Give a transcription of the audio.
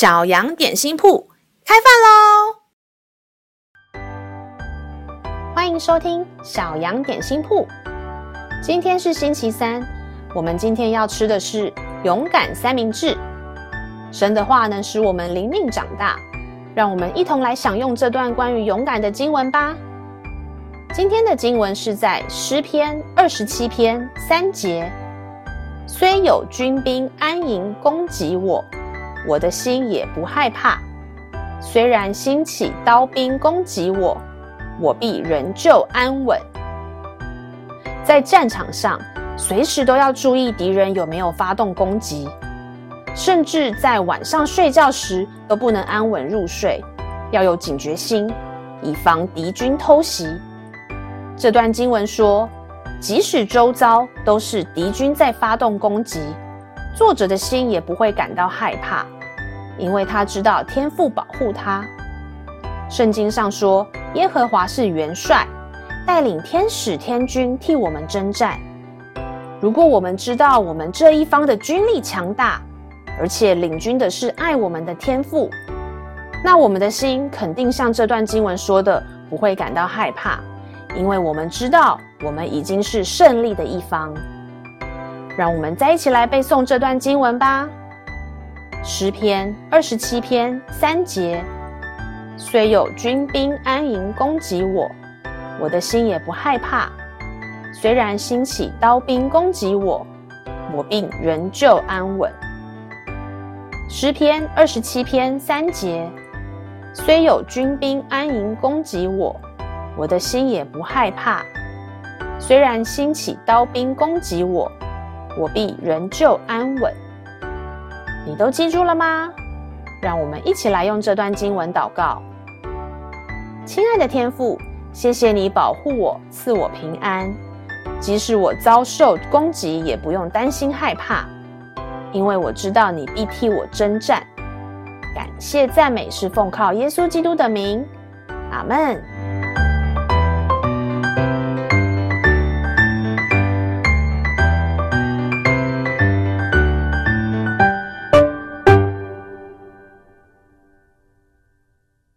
小羊點心鋪開飯嘍！歡迎收聽小羊點心鋪。今天是星期三，我們今天要吃的是勇敢三明治。神的話能使我們靈命長大，讓我們一同來享用這段關於勇敢的經文吧。今天的經文是在詩篇二十七篇三節：雖有軍兵安營攻擊我。我的心也不害怕，雖然興起刀兵攻擊我，我必仍舊安穩。在戰場上，隨時都要注意敵人有沒有發動攻擊，甚至在晚上睡覺時都不能安穩入睡，要有警覺心，以防敵軍偷襲。這段經文說，即使周遭都是敵軍在發動攻擊。作者的心也不會感到害怕，因為他知道天父保護他。聖經上說，耶和華是元帥，帶領天使天軍替我們征戰。如果我們知道我們這一方的軍力強大，而且領軍的是愛我們的天父，那我們的心肯定像這段經文說的，不會感到害怕，因為我們知道我們已經是勝利的一方。讓我們再一起來背誦這段經文吧。詩篇二十七篇三節，雖有軍兵安營攻擊我，我的心也不害怕。雖然興起刀兵攻擊我，我必仍舊安穩。詩篇二十七篇三節，雖有軍兵安營攻擊我，我的心也不害怕。雖然興起刀兵攻擊我，我必仍舊安穩，你都記住了嗎？讓我們一起來用這段經文禱告。親愛的天父，謝謝你保護我，賜我平安。即使我遭受攻擊，也不用擔心害怕，因為我知道你必替我征戰。感謝讚美是奉靠耶穌基督的名。阿門。